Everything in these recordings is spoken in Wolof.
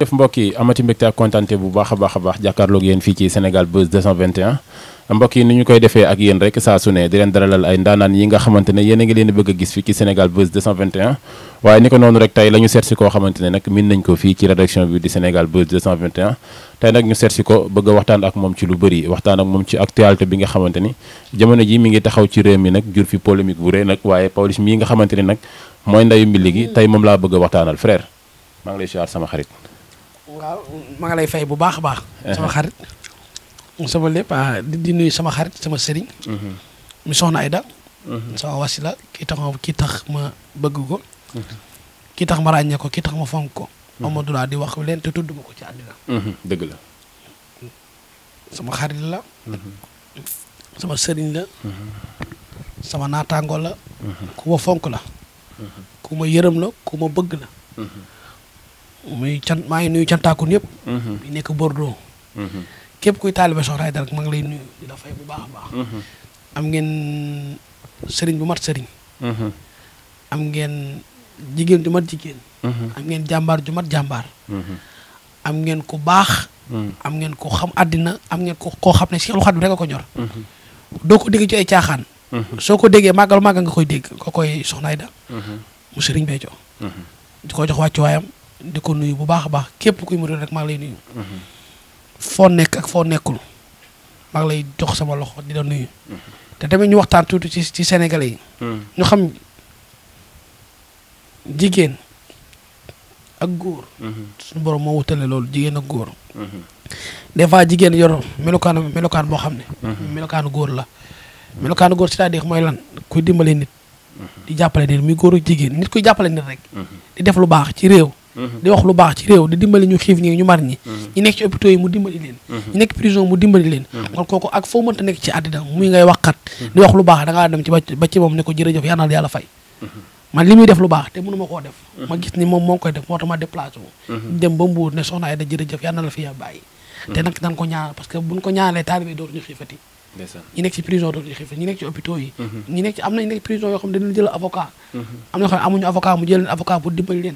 jëf mbokk yi amati mbégte ak kontante bu baax a baax a baax yéen fii ci Sénégal Buzz 221 mbokk yi ni ñu koy defee ak yéen rek saa su di leen daralal ay ndaanaan yi nga xamante ne yéen a ngi leen bëgg gis fii ci Sénégal Buzz 221 waaye ni ko noonu rek tey la ñu seet si koo xamante ne nag min nañ ko fii ci rédaction bi di Sénégal Buzz 221 tey nag ñu seet si ko bëgg waxtaan ak moom ci lu bëri waxtaan ak moom ci actualité bi nga xamante ni jamono ji mi ngi taxaw ci réew mi nag jur fi polémique bu rëy nag waaye Pawlish mii nga xamante ne nag mooy ndayu mbilli gi tey moom laa bëgg a waxtaanal frère maa ngi lay siyaar sama waaw ma nga lay fay bu baax a baax. Eh. sama xarit sama lépp ah, di nuy sama xarit sama sëriñ. Mm-hmm. mi soxna Ayda. Mm-hmm. sama wasila kii tax kii tax ma bëgg ko. Mm-hmm. kii tax ma ràññee ko kii tax ma fonk ko. Amadou laa di wax leen te tudd ma ko ci àddina. dëgg la. sama xarit la. sama sëriñ la. sama naataango la. ku ma fonk la. ku ma yërëm la ku ma bëgg la. muy cant maa ngi nuyu cantaakoon yëpp. bi mhm. nekk Bordeaux. Mhm. képp kuy taalibe Soxna Aïdara rek maa ngi lay nuyu di la fay bu baax baax. Mhm. am ngeen sëriñ bu mat sëriñ. am ngeen jigéen ju mat jigéen. am ngeen jàmbaar ju mat jàmbaar. ngeen ku baax. am ngeen ko xam àddina am ngeen koo xam ne si xel bi ko ñor. doo ko dégg ci ay caaxaan. soo ko déggee màggal màggal nga koy dégg ko koy Soxna Aïda. mu sëriñ Béthio. di ko jox wàccuwaayam. di ko nuyu bu baax a baax képp kuy murid rek maa ngi lay nuyu. foo nekk ak foo nekkul maa ngi lay jox sama loxo di la nuyu. te tamit ñu waxtaan tuuti ci ci Sénégalais yi. ñu xam jigéen ak góor. suñu borom moo wutale loolu jigéen ak góor. des fois jigéen yor melokaan melokaan boo xam ne. melokaanu góor la. melokaanu góor c'est-à-dire mooy lan kuy dimbalee nit. di jàppale nit muy góor ak jigéen nit kuy jàppale nit rek. di def lu baax ci réew. di wax lu baax ci réew di dimbali ñu xiif ñi ñu mar ñi mhm. ñu nekk ci hôpitaux yi mu dimbali leen mhm. ñu nekk prison mu dimbali leen mhm. kon kooku ak foo mënta nekk ci àddina muy ngay waxkat di wax lu baax da dem ci ba ci moom ne ko jërëjëf yal na yàlla fay man li muy def lu baax te mënu koo def ma gis ni moom moo koy def moo tax ma déplacé dem ba mbuur ne soxna ay da jërëjëf yal na la fi bàyyi te nag nan ko ñaan parce que buñ ko ñaanalee taalibe ñi nekk ci prison dootuñu xiifal ñi nekk ci hôpitaux yi mhm. ñi nekk ci am na ñu nekk prison yoo xam ne dañu jël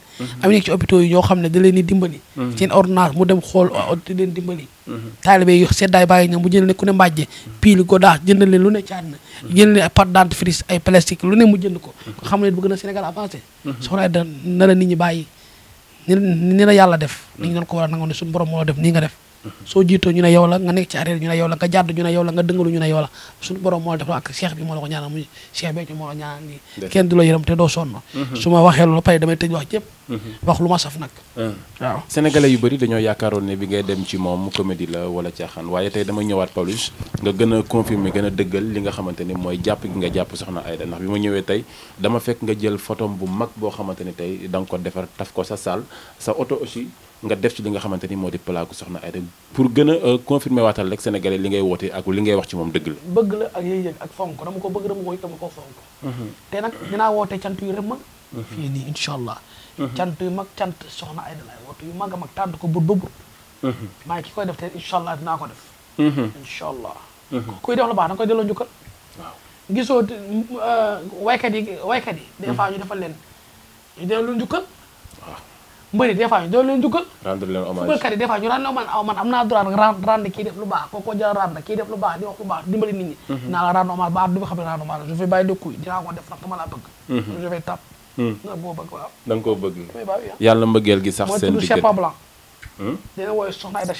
mhm. am ne dimbali mhm. da leen di dimbali seen ordonnance mu dem xool di leen dimbali taalibe yi seddaay bàyyi ñoom mu jënd leen ku ne mbàjje piil godaas jënd leen lu ne caat na jënd leen pâte dentifrice ay plastique lu ne mu jënd ko nga xam ne bëgg na Sénégal avancé soxna da na nit ñi bàyyi ni la yàlla def ni ñu doon ko war a nangoon ne borom moo def nii nga def soo jiitoo ñu ne yow la nga nekk ci arrière ñu ne yow la nga jàdd ñu ne yow la nga dëngalu ñu ne yow la suñu borom moo la def la ak cheikh bi moo la ko ñaanal muy cheikh bi moo la ñaanal nii kenn du la yërëm te doo sonn mhm. su ma waxee loolu pare damay tëj wax jëpp mhm. ah. yu bëri dañoo yaakaaroon ne bi ngay dem ci moom comédie la wala caaxaan waaye tey dama ñëwaat Pawlish nga gën a confirmer gën a dëggal li nga xamante ni mooy jàpp gi nga jàpp soxna Aida ndax bi ma ñëwee tey dama fekk nga jël photom bu mag boo xamante ni tey da nga ko defar taf ko sa salle sa oto aussi nga def ci li nga xamante ni moo di palaagu soxna Aida pour gën a euh, confirmer waatal rek sénégalais li ngay woote ak li ngay wax ci moom dëgg la bëgg la ak yëg-yëg ak fonk dama ko bëgg dama ko dama ko fonk mhm. te nag mhm. fii nii incha allah mhm. cant yu mag cant soxna Aida laay yu mag a mag ko bur ba bur maa ki koy def te incha allah dinaa ko def incha allah kuy def la baax danga koy delloo njukkal waaw gisoo euh, waykat yi waykat yi de fois ñu defal leen ñu delloo njukkal mbëri des fois ñu doon leen dugal. leen hommage footballkat yi des fois ñu rendre leen hommage man am naa droit nag rendre kii def lu baax kooku jël rendre kii def lu baax di wax lu baax dimbali nit ñi. Mhm. naa la rendre hommage ba du ma xam ne rendre hommage je vais bàyyi de couille dinaa ko def nag dama laa bëgg. Mhm. je vais tap. nga mhm. boo bëgg waaw. da koo bëgg. yàlla mbëggeel gi sax seen diggante mooy tudd Chepa Blanc. Hmm? dina woowee soxna Aida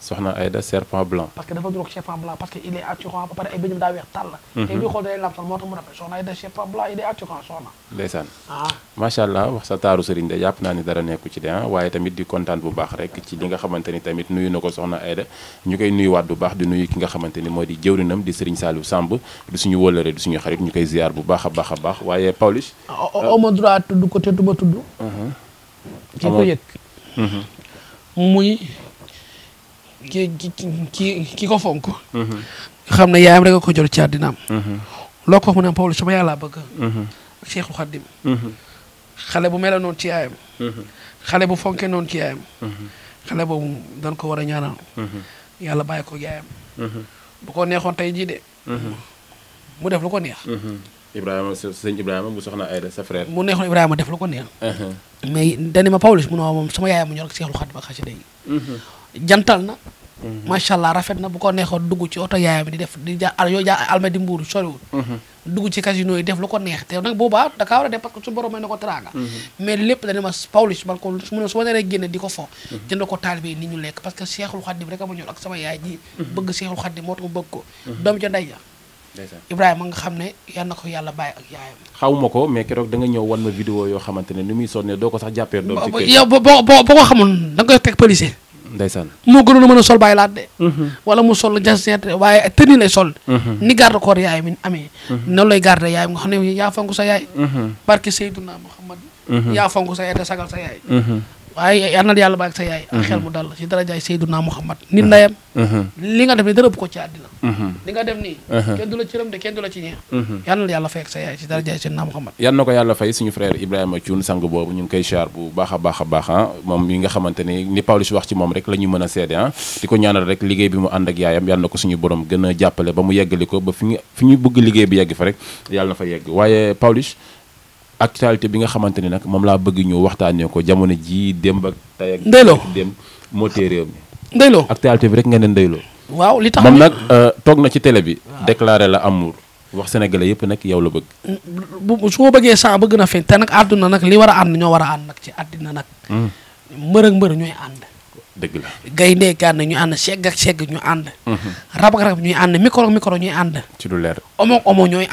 soxna Aida serpent blanc. parce que dafa dugal serpent blanc parce que il est attirant ba pare ay bëñam daa weex tàll. Mhm. te buy xool day lamsal moo tax mu rafet soxna Aida serpent blanc ah. macha allah wax sa taaru sëriñ de jàpp naa ni dara nekku ci de ah waaye tamit di kontaan bu baax rek ci li nga xamante ni tamit nuyu na ko soxna Aida ñu koy nuyuwaat bu baax di nuyu ki nga xamante ni moo di jëwrinam di sëriñ Saliou Samb di suñu wóllare di suñu xarit ñu koy ziar bu baax a baax waaye Pawlish. au ah, oh, oh, moins droit tudd ki ki ki ko fonk. Mm-hmm. xam ne yaayam rek a ko jot ci àddinaam. Mm-hmm. loo ko wax mu ne bëgg. Mm-hmm. Cheikhul Khadim. bu mel noonu ci yaayam. xale bu fonke noonu ci yaayam. xale boobu dañ ko war a ñaanal. yàlla yaayam. bu ko neexoon tey jii de. mu def lu ko neex. Ibrahima sëñ Ibrahima bu soxna Aïda sa frère. mu neexoon Ibrahima def lu ko neex. Uh-huh. mais dani ma Pawlish mu ne moom sama yaayam mu ñor ak Cheikhul Khadim ak xasida yi jantal na. Mhm. macha allah rafet na bu ko neexoon dugg ci oto yaayam di def di ja yooyu jaa almadi mbuuru soriwul. Mhm. dugg ci casino yi def lu ko neex te nag boobaa da kaa war a def parce su borom mhm. ma Pawlish ko su ma nee di ko ko taalibe yi ni ñu lekk parce que Seexul Xaddim rek ama ñor nga xam ne yal na ko yàlla bàyyi ak yaayam. xawma ko mais keroog da nga ñëw wan ma vidéo yoo xamante ne ni muy sonnee doo ko sax jàppee. doom ci kër boo boo boo ko xamul da nga teg policier ndeysaan moo gënoon a mën a sol bàyyi laat de mhm. wala mu sol jaset waaye tëni lay sol mhm. ni garde corps yaay mi amee mhm. noonu lay garde yaay nga xam ne yaa fonk sa yaay barke Seydina Muhammad yaa fonk sa yaay te sagal sa yaay waaye yal na yàlla baag sa yaay. nga def nii dara ëpp ko ci àddina. li nga def nii. kenn du la cëram de kenn du la ci ñeex. suñu frère a baax a baax ah, moom mi nga wax ci moom la ñu mën a seede ah di ko ñaanal rek liggéey bi mu ànd ak yaayam yal na ko gën a jàppale ba mu yeggali ko ba fi ñu fi liggéey bi yegg fa rek yàlla na fa yegg waaye Pawlish actualité bi nga xamante ne nag moom laa bëgg ñu waxtaanee ko jamono jii démb ak tey ak. ndeyloo démb moo tee actualité bi rek nga ne ndeyloo. waaw li tax moom nag euh, toog na ci télé bi. déclaré la amour. wax sénégalais yëpp nag yow la bëgg. bu su ko bëggee saa bëgg na feeñ te nag àdduna nag li war a ànd ñoo war a ànd nag ci àddina nag. Hmm. mbër ak ñooy ànd. dëgg la gaynde gànn ñu ànd segg ak segg ñu ànd. Hmm. rab ak rab ñuy ànd micro micro ñuy ànd. ci lu leer omo omo ñooy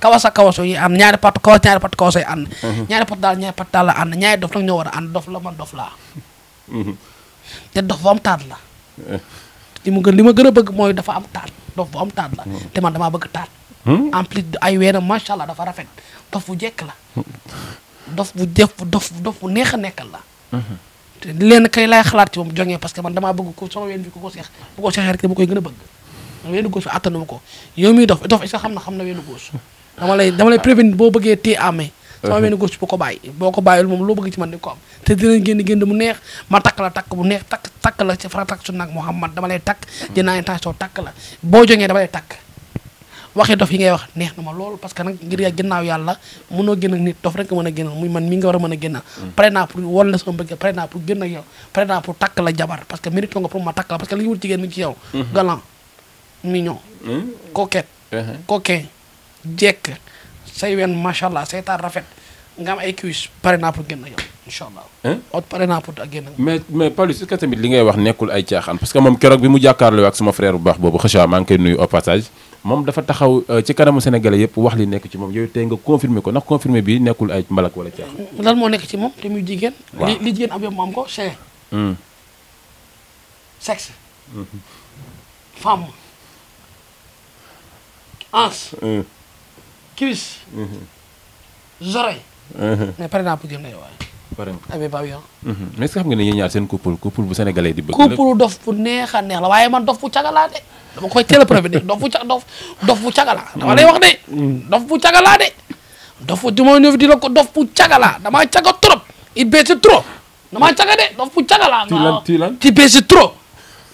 kawas ak kawaso yi ànd ñaari pat kawas ñaari pat kawaso yi ànd mm-hmm. ñaari pat daal ñaari pat daal la ànd ñaari dof nag ñoo war a ànd dof la man dof laa mm-hmm. te dof bu am taat la eh. li mu gën li ma gën a bëgg mooy dafa am taat dof bu am taat la mm-hmm. te man damaa bëgg taat hmm? en plus ay weenam macha allah dafa rafet dof bu jekk la hmm. dof bu def dof dof bu neex a nekkal la te leen kay laay xalaat ci moom jongee parce que man damaa bëgg ko sama ween bi ku ko seex bu ko seexee rek dama koy gën a bëgg weenu gauche bi attanu ko yow miy dof dof est-ce xam na xam na weenu gauche boo bëggee amee sama weenu gauche bu ko bàyyi boo ko moom loo bëgg ci ko am te dinañ génn génn mu neex ma takk la takk bu takk takk la ci fara takk su nag Mouhamad dama lay takk la boo jógee dama takk a génnal a pare naa pour génn pare naa pour takk la jabar parce que mérite nga pour ma takk la parce que li wut jigéen mi ci yow mhm. galant mignon. Hmm? coquette. Uh-huh. coquin jekk say wen macha allah say taar rafet nga am ay cuisse pare naa pour génn yow incha allah. ot pare naa pour génn. mais mais Pawlish est-ce que tamit li ngay wax nekkul ay caaxaan parce que moom keroog bi mu jàkkaarloo ak suma frère bu baax boobu xëcc maa ngi koy moom dafa taxaw euh, ci kanamu sénégalais yëpp wax li nekk ci moom yooyu tey nga confirmé ko ndax confirmé bi nekkul ay mbalak wala caax lan moo nekk ci moom te muy jigéen li li jigéen Anse. Chris. Hm. Hm. Zoray. mais par exemple jëm hm. nañu waaye. par exemple Habib Abian. mais est-ce que xam nga ne yéen ñaar seen couple couple bu sénégalais di bëgg. couple waaye man dof bu cagalaa de. dama koy teel a dof bu ca dof dof bu cagalaa. dama lay wax de. dof bu cagalaa de. dof bu dama ko dof bu cagalaa damaa caga trop. i baisse trop. damaa caga de dof bu cagalaa. trop.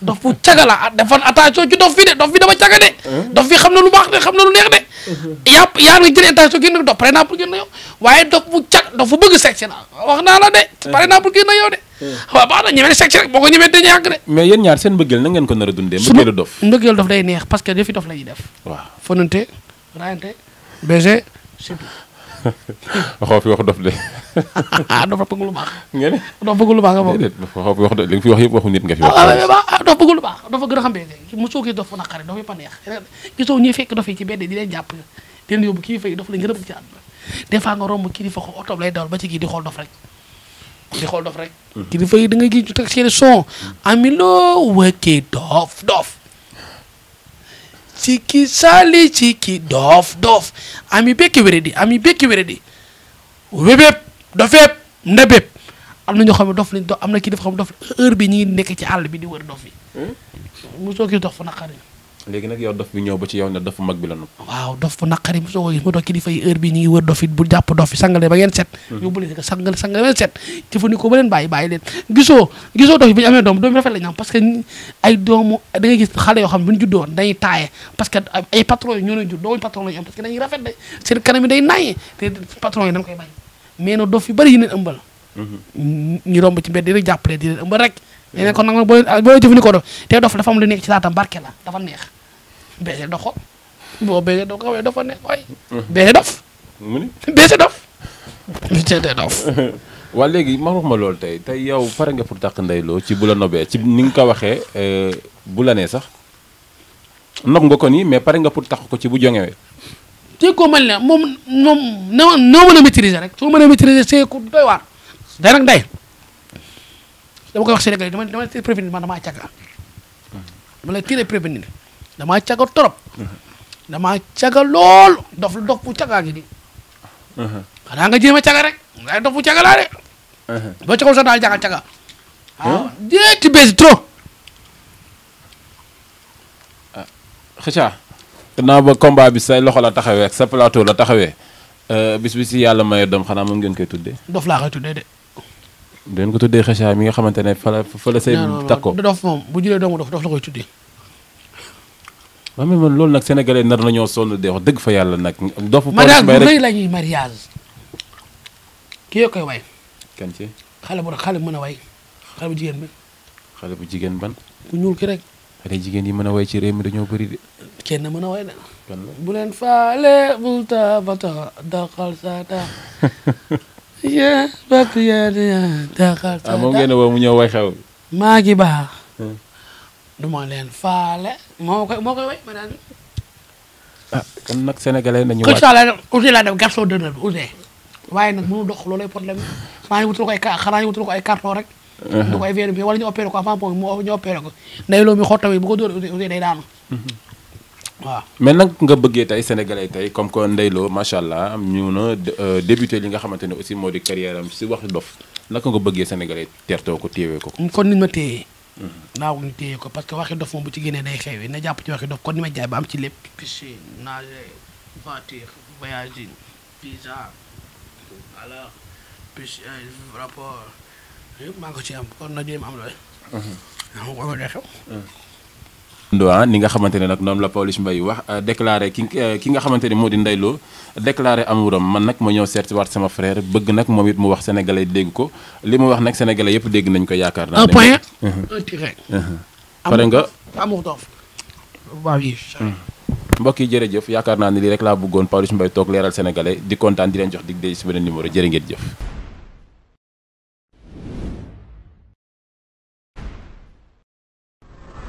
dof bu caga la ah, defan attention ci dof fi de dof bi dama caga de. dof bi xam na lu baax de xam na lu neex de. Mhm. yaa yaa ngi jëlee attention génn dof par exemple génn yow waaye dof bu cag dof bu bëgg sexe na wax naa la de. Mhm. par exemple génn yow de. Mhm. waaw baax na ñemee sexe rek boo ko ñemee dañuy yàgg de. mais yéen ñaar seen mbëggeel na ngeen ko nar a dundee. mbëggeelu dof mbëggeelu neex parce que dof la def. waaw waxoo fi wax dof de. Ah, dof bëgg lu baax. Ah, ah, bëgg lu baax dof bëgg gën a xam léegi mosoo gis dof naqare dof yëpp a neex gisoo ñuy fekk dof yi ci benn di leen jàpp di leen yóbbu kilifa yi dof lañ gën a bëgg ci àdduna des nga romb kilifa ba ci kii di xool dof rek di xool dof rek. Hmm. kilifa yi da nga gis ñu teg seen son amilo wëkkee dof dof ciki sali ciki doof doof ami bekki wéradi ami bekki wéradi wébépp dofeep ndabépp am na ñoo xam ne dof lañ dof am na kii dafa xam dof heure bi ñu ngi nekk ci àll bi di wër dof yi hmm? mosoo gis dof fu naqari léegi nag yow dof bi ñëw ba ci yow ne dof mag bi la nu waaw dof bu naqari mu soo ko gis mu dox dof it bu jàpp dof bi sangale ba hmm. ba yoo xam ne bu ñu juddoo dañuy taaye parce que ay patron yi ñoo koy bàyyi mais nag dof yu bëri yi leen ëmbal hmm. ñu romb ci mbedd di leen leen ëmbal rek léegi nag kon nag boo ah boo jëfandikoo dof te dof dafa am lu nekk ci laatam barke la dafa neex Bessé doxo boo Bessé dox xawee dafa ne waay. Mm. Bessé dof. mu ni Bessé dof. Bessé dof. waa léegi ma wax ma loolu tey tey yow pare nga pour takk ndeyloo ci bu la nobee ci ni nga ko waxee euh, bu la nee sax nob nga ko nii mais pare nga pour takk ko ci bu joŋewee. tey koo mel ne moom moom noo noo mën a maîtriser rek soo mën a maîtriser c'est ku doy waar. day nag day dama koy wax Sénégalais dama dama tiré prévenir man damaa càgg dama lay tiré prévenir damaa caga trop. damaa caga lool dof lu dof bu cagaa ngi nii. xanaa nga jéem a caga rek waaye dof bu caga laa de. boo cagul sax daal jàkka caga. ah déet ci bés ah, ba combat bi say loxo la taxawee ak sa plateau la taxawee. Euh, bis bi si yàlla maye doom xanaa moom ngeen koy tuddee. dof laa koy tuddee de. ngeen ko tuddee xëcca mi nga xamante ne fa la fa la say. takko dof moom bu jëlee doomu dof dof la koy tuddee. waaw mais man loolu nag sénégalais nar nañoo sonn de wax dëgg fa yàlla nag. dofu Pawlish Mbaye rek madame la ñuy mariage kii yoo way. kan ci xale bu xale bu mën a way xale bu jigéen bi. bu jigéen ban. ku ñuul ki rek. xale jigéen yi mën a way ci réew mi dañoo bëri de. kenn mën a way de. kan bu leen faale bul tabata daxal sa tax. yaa bàq yaa yaa daxal sa tax. ah moom ngeen ne woo mu ñëw way xew. maa ngi duma leen faale moo koy moo koy way ma daan. ah kon nag sénégalais nañu. waat Kër laa def garçon d'honneur bi Ousseyn. waaye nag mënu dox loolay problème xanaa ñu wutal ko ay xanaa ñu wutal ko ay carton rek. du wala ñu opéré ko avant moom mu ñu opéré ko bu ko dóor Ousseyn day daanu. Mhm. waaw mais nag nga bëggee tey sénégalais tey comme que Ndeye Lo macha allah ñu na euh, débuté li nga xamante ne aussi moo di carrière si wax dof naka nga bëggee sénégalais teertoo ko téewee ko. kon nit ma téye. naaw ñu téye ko parce que waxi dof moom bu ci génnee day xewi na jàpp ci waxi dof kon ni ma jaay ba am ci lépp piscine nager voiture voyaging visa alors rapport yëpp maa ko ci am kon na jéem mhm. am loolu. xam nga ko xew Ndoa ah, ni nga xamante ne nag noonu la Pawlish Mbaye wax euh, déclaré ki euh, ki nga xamante ne moo di ndeyloo déclaré amuram man nag ma ñëw seeti waat sama frère bëgg nag moom it mu wax sénégalais dégg ko li mu wax nag sénégalais yëpp dégg nañ ko yaakaar naa. un point un mhm. tiret. Mhm. pare nga amu dof waaw yi mhm. mbokk yi jërëjëf yaakaar naa ni lii rek laa bëggoon Pawlish Mbaye toog leeral sénégalais di kontaan di leen jox dig day si beneen numéro jërë ngeen jëf.